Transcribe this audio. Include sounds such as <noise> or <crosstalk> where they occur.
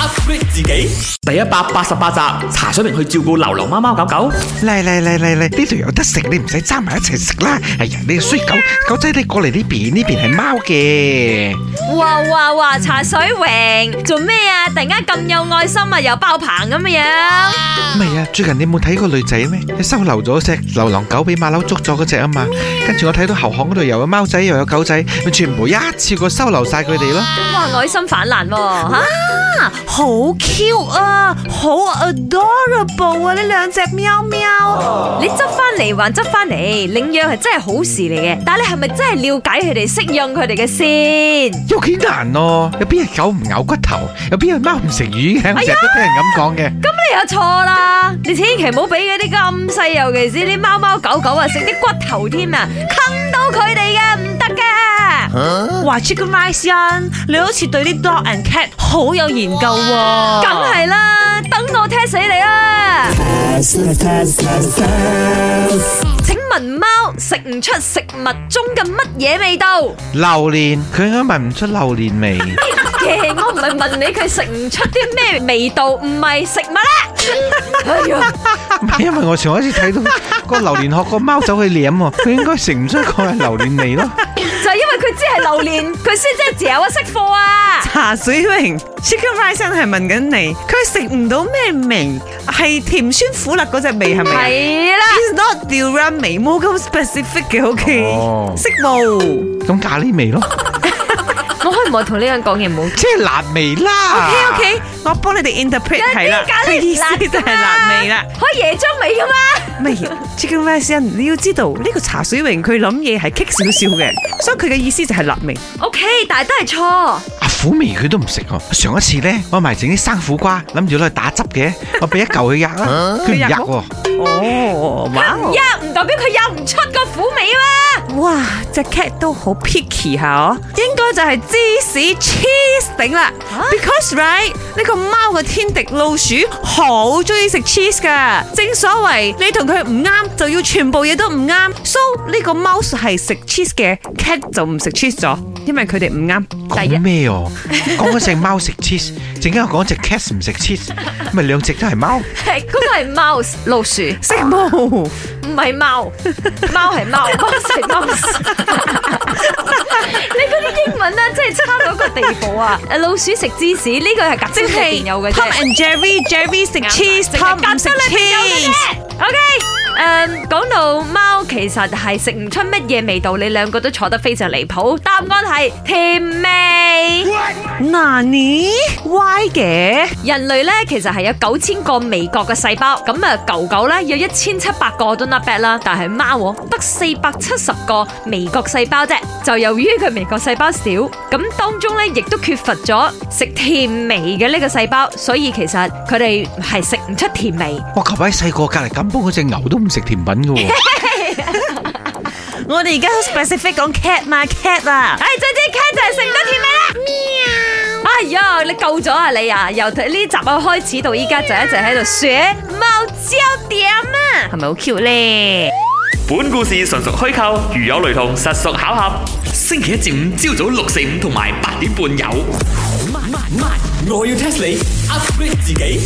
update 自己。第一百八十八集，茶水榮去照顧流浪貓貓狗狗。嚟嚟嚟嚟嚟，呢度有得食，你唔使爭埋一齊食啦。哎呀，你個衰狗狗仔，你過嚟呢邊，呢邊係貓嘅。哇哇哇！茶水榮做咩啊？突然間咁有愛心啊，又爆棚咁樣。唔係啊，最近你冇睇過女仔咩？你收留咗隻流浪狗俾馬騮捉咗嗰隻啊嘛。跟住我睇到後巷嗰度又有貓仔又有狗仔，全部一次過收留晒佢哋咯。哇，愛心泛濫喎啊！好 cute 啊，好 adorable 啊！呢兩隻喵喵，oh. 你執翻嚟還執翻嚟，領養係真係好事嚟嘅。但係你係咪真係了解佢哋，適應佢哋嘅先？有幾難咯，啊？有邊隻狗唔咬骨頭，有邊隻貓唔食魚？哎、呀聽人咁講嘅。咁你又錯啦！你千祈唔好俾嗰啲咁細，尤其是啲貓貓狗狗啊，食啲骨頭添啊，坑到佢哋。話出個 my son，你好似對啲 dog and cat 好有研究喎。梗係啦，等我踢死你啦。請問貓食唔出食物中嘅乜嘢味道？榴蓮，佢應該聞唔出榴蓮味。我唔係問你佢食唔出啲咩味道，唔係食物咧。哎呀，因為我上一次睇到個榴蓮學個貓走去舐，佢應該食唔出個榴蓮味咯。佢只係榴蓮，佢先真係嚼得識貨啊！茶水榮，check your eyes，係問緊你，佢食唔到咩味？係甜酸苦辣嗰隻味係咪？係啦，It's not durian 味冇咁 specific 嘅，OK，色味，種咖喱味咯。我可唔可以唔好同呢個人講嘢冇，即係辣味啦。OK OK，我幫你哋 interpret 係啦，佢意思就係辣味啦。可以椰汁味噶嘛？咩？Chicken version，你要知道呢個茶水榮佢諗嘢係棘少少嘅，所以佢嘅意思就係辣味。OK，但係都係錯。苦味佢都唔食。上一次咧，我埋整啲生苦瓜，諗住攞去打汁嘅，我俾一嚿佢入啦，佢入。哦，哇！入唔代表佢入唔出個苦味咩？哇！隻 cat 都好 picky 吓，哦，應該就係芝士 cheese 頂啦。Because right，呢個貓嘅天敵老鼠好中意食 cheese 噶，正所謂你同。佢唔啱就要全部嘢都唔啱，so 呢個 mouse 係食 cheese 嘅 cat 就唔食 cheese 咗，因為佢哋唔啱。講咩哦？講嗰隻貓食 cheese，陣間我講隻 cat 唔食 cheese，咪兩隻都係貓。係，嗰個係 mouse 老鼠食 mouse，唔係貓，貓係貓，mouse 係 mouse。你嗰啲英文啊，真係差到個地步啊！老鼠食芝士呢個係夾邊有嘅嘢。Tom and Jerry，Jerry 食 cheese，Tom 唔食 cheese。.講到貓，oh、no, 其實係食唔出乜嘢味道，你兩個都錯得非常離譜。答案係甜咩？Nani why 嘅？人類咧，其實係有九千個味覺嘅細胞，咁啊狗狗咧有一千七百個都 not bad 啦，但係貓得四百七十個味覺細胞啫。就由於佢味覺細胞少，咁當中咧亦都缺乏咗食甜味嘅呢個細胞，所以其實佢哋係食唔出甜味。我頭位細個隔籬咁煲，嗰隻牛都唔食甜品噶喎。Hey. <laughs> 我哋而家好 specific 講 cat 嘛，cat 啊，哎，真啲 cat 就係食唔得甜味。哎呀，你夠咗啊你啊！由呢集開始到依家 Yeah. 就一直喺度說貓焦點啊，係咪好 Q 咧？是是呢本故事純屬虛構，如有雷同，實屬巧合。星期一至五朝早六四五同埋八點半有。Oh, my. My. My. 我要 test 你 upgrade 自己。